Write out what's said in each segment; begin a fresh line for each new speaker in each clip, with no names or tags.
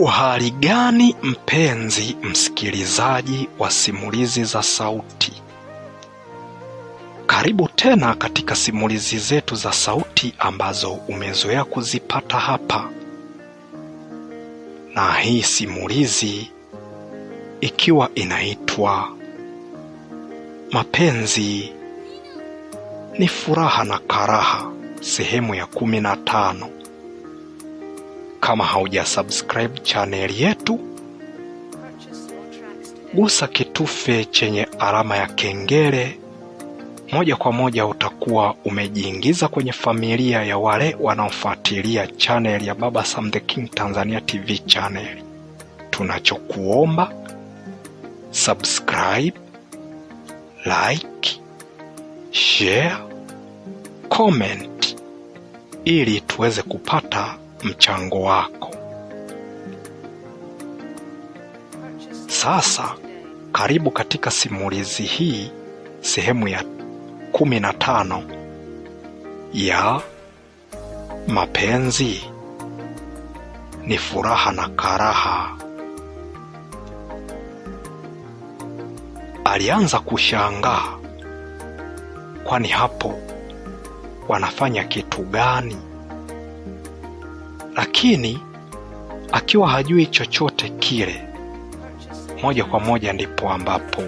Uhali gani mpenzi msikilizaji wa simulizi za sauti, karibu tena katika simulizi zetu za sauti ambazo umezoea kuzipata hapa, na hii simulizi ikiwa inaitwa Mapenzi ni Furaha na Karaha, sehemu ya kumi na tano. Kama haujasubscribe chaneli yetu, gusa kitufe chenye alama ya kengele. Moja kwa moja utakuwa umejiingiza kwenye familia ya wale wanaofuatilia chaneli ya Baba Sam the King Tanzania TV chaneli. Tunachokuomba subscribe, like, share, comment ili tuweze kupata mchango wako. Sasa karibu katika simulizi hii, sehemu ya kumi na tano ya mapenzi ni furaha na karaha. Alianza kushangaa, kwani hapo wanafanya kitu gani? lakini akiwa hajui chochote kile, moja kwa moja ndipo ambapo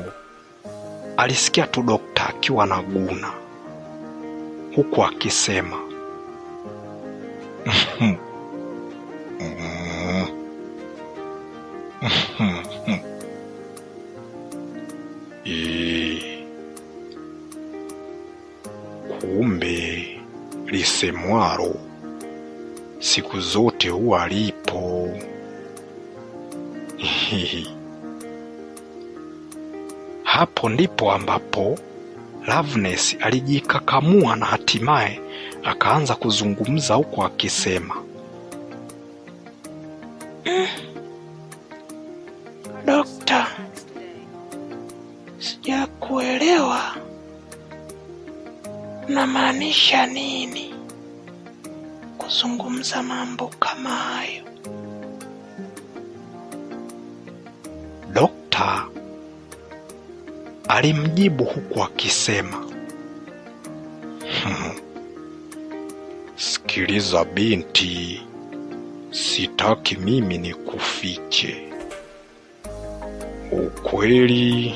alisikia tu dokta akiwa guna huku akisema
eh, kumbe lisemwaro siku zote huwa alipo.
Hapo ndipo ambapo Loveness alijikakamua na hatimaye akaanza kuzungumza huko akisema,
mm, Dokta, sijakuelewa, namaanisha nini? kuzungumza mambo kama hayo.
Dokta alimjibu huku akisema,
hmm, sikiliza binti, sitaki mimi nikufiche ukweli,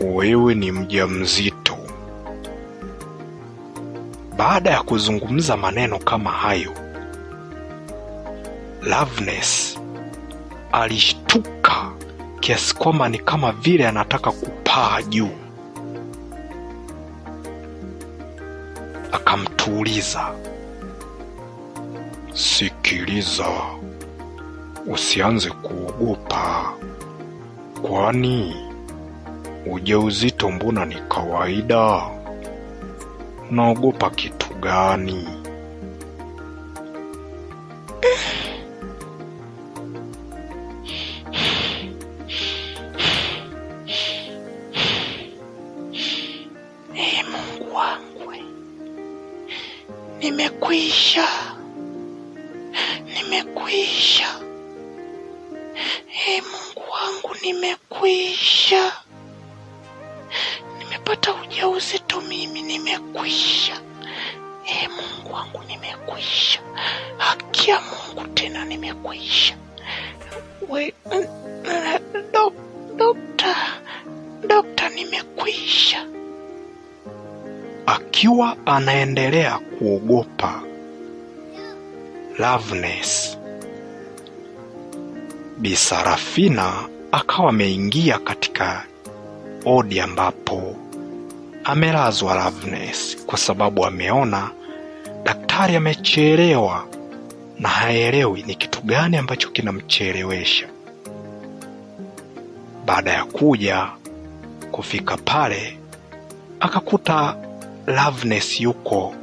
wewe ni mjamzito.
Baada ya kuzungumza maneno kama hayo, Loveness alishtuka kiasi kwamba ni kama vile anataka kupaa juu. Akamtuuliza,
sikiliza, usianze kuogopa, kwani ujauzito mbona ni kawaida? Unaogopa kitu gani?
Ee Mungu wangu, nimekwisha, nimekwisha. Ee Mungu wangu, nimekwisha, nimepata ujauzi tu mimi nimekwisha. E Mungu wangu, nimekwisha. Haki ya Mungu tena nimekwisha. dokta, dokta, nimekwisha.
Akiwa anaendelea kuogopa Loveness, Bisarafina akawa ameingia katika odi ambapo amelazwa Loveness kwa sababu ameona daktari amechelewa na haelewi ni kitu gani ambacho kinamchelewesha. Baada ya kuja kufika pale, akakuta Loveness yuko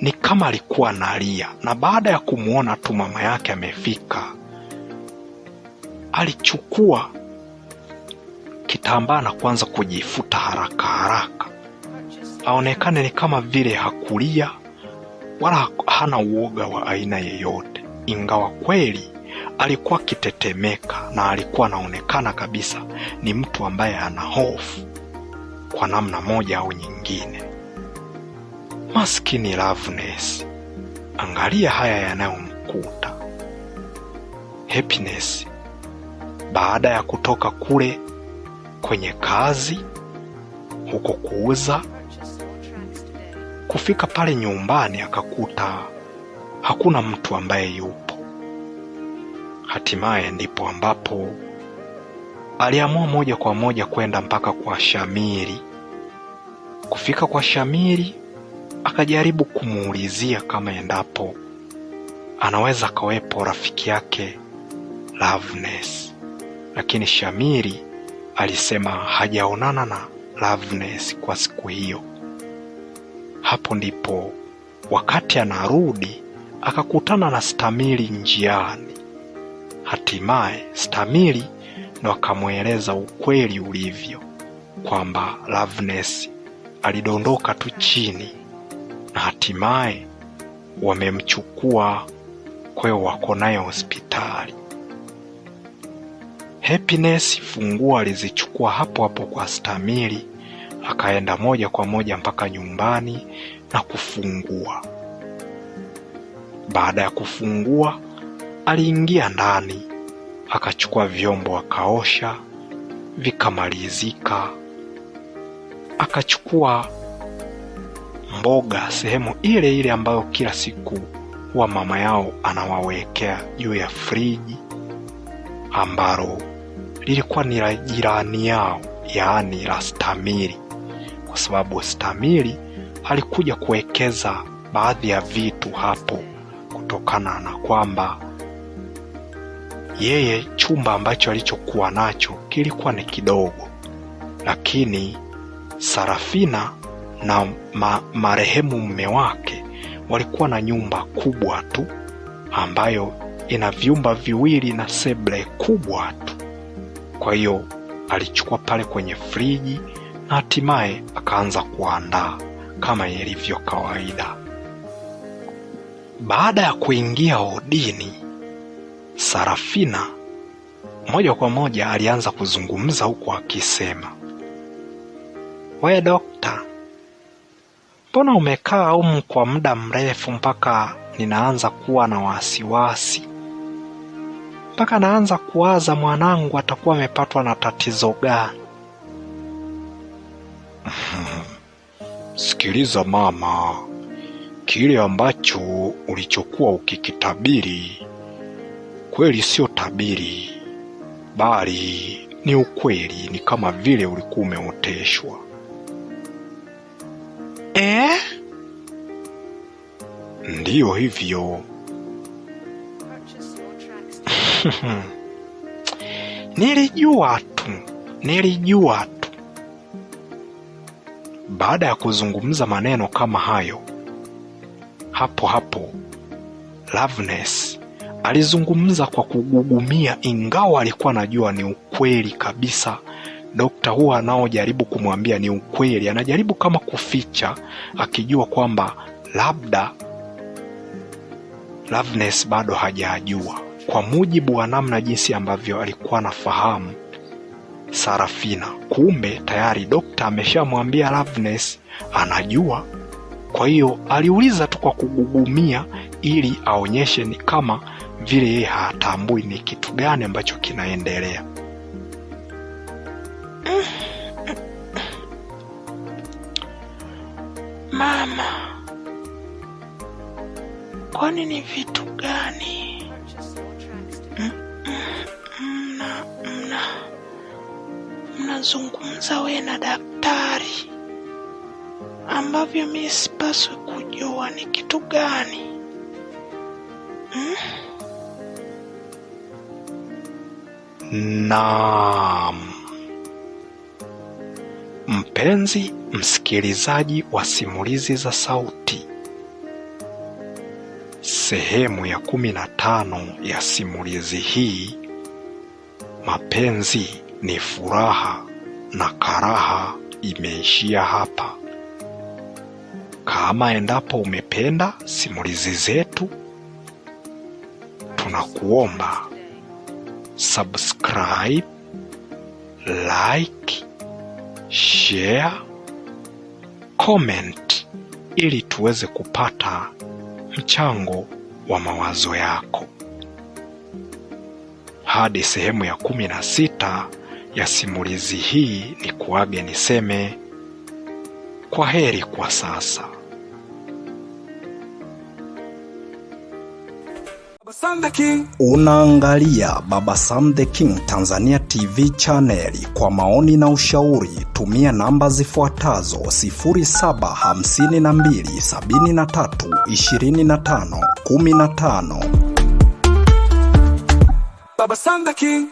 ni kama alikuwa analia, na baada ya kumwona tu mama yake amefika, alichukua kitambaa na kuanza kujifu kuota haraka haraka, aonekane ni kama vile hakulia wala hana uoga wa aina yeyote, ingawa kweli alikuwa akitetemeka na alikuwa anaonekana kabisa ni mtu ambaye ana hofu kwa namna moja au nyingine. Maskini Loveness, angalia haya yanayomkuta Happiness baada ya kutoka kule kwenye kazi huko kuuza. Kufika pale nyumbani akakuta hakuna mtu ambaye yupo. Hatimaye ndipo ambapo aliamua moja kwa moja kwenda mpaka kwa Shamiri. Kufika kwa Shamiri akajaribu kumuulizia kama endapo anaweza akawepo rafiki yake Loveness, lakini Shamiri alisema hajaonana na Loveness kwa siku hiyo. Hapo ndipo wakati anarudi akakutana na Stamili njiani. Hatimaye Stamili ndo akamweleza ukweli ulivyo kwamba Loveness alidondoka tu chini na hatimaye wamemchukua kweo, wako naye hospitali. Happiness funguo alizichukua hapo hapo kwa Stamili Akaenda moja kwa moja mpaka nyumbani na kufungua. Baada ya kufungua, aliingia ndani akachukua vyombo akaosha, vikamalizika. Akachukua mboga sehemu ile ile ambayo kila siku huwa mama yao anawawekea juu ya friji ambalo lilikuwa ni la jirani yao, yaani la Stamili kwa sababu stamili alikuja kuwekeza baadhi ya vitu hapo kutokana na kwamba yeye chumba ambacho alichokuwa nacho kilikuwa ni kidogo, lakini Sarafina na ma, marehemu mume wake walikuwa na nyumba kubwa tu ambayo ina vyumba viwili na sebule kubwa tu. Kwa hiyo alichukua pale kwenye friji na hatimaye akaanza kuandaa kama ilivyo kawaida. Baada ya kuingia odini, Sarafina moja kwa moja alianza kuzungumza huku akisema,
we dokta, mbona umekaa humu kwa muda mrefu mpaka ninaanza kuwa na wasiwasi, mpaka naanza kuwaza mwanangu atakuwa amepatwa na tatizo gani?
Sikiliza mama, kile ambacho ulichokuwa ukikitabiri kweli sio tabiri, bali ni ukweli. Ni kama vile ulikuwa umeoteshwa. Eh? Ndiyo hivyo.
Nilijua tu, nilijua tu baada ya kuzungumza maneno kama hayo, hapo hapo Loveness alizungumza kwa kugugumia, ingawa alikuwa anajua ni ukweli kabisa dokta huwa anaojaribu kumwambia ni ukweli, anajaribu kama kuficha, akijua kwamba labda Loveness bado hajajua, kwa mujibu wa namna jinsi ambavyo alikuwa anafahamu Sarafina. Kumbe tayari dokta ameshamwambia Loveness anajua. Kwa hiyo aliuliza tu kwa kugugumia, ili aonyeshe ni kama vile yeye hatambui ni kitu gani ambacho kinaendelea.
Mama, kwani ni vitu gani? unazungumza wewe na daktari ambavyo mimi sipaswi kujua ni kitu gani hmm?
Naam, mpenzi msikilizaji wa simulizi za sauti, sehemu ya kumi na tano ya simulizi hii, mapenzi ni furaha na karaha imeishia hapa. Kama endapo umependa simulizi zetu, tunakuomba subscribe, like, share, comment ili tuweze kupata mchango wa mawazo yako. Hadi sehemu ya kumi na sita ya simulizi hii ni kuaga niseme kwa heri kwa sasa. Unaangalia Baba Sam the King Tanzania TV channel. Kwa maoni na ushauri tumia namba zifuatazo 0752732515. Baba Sam the King.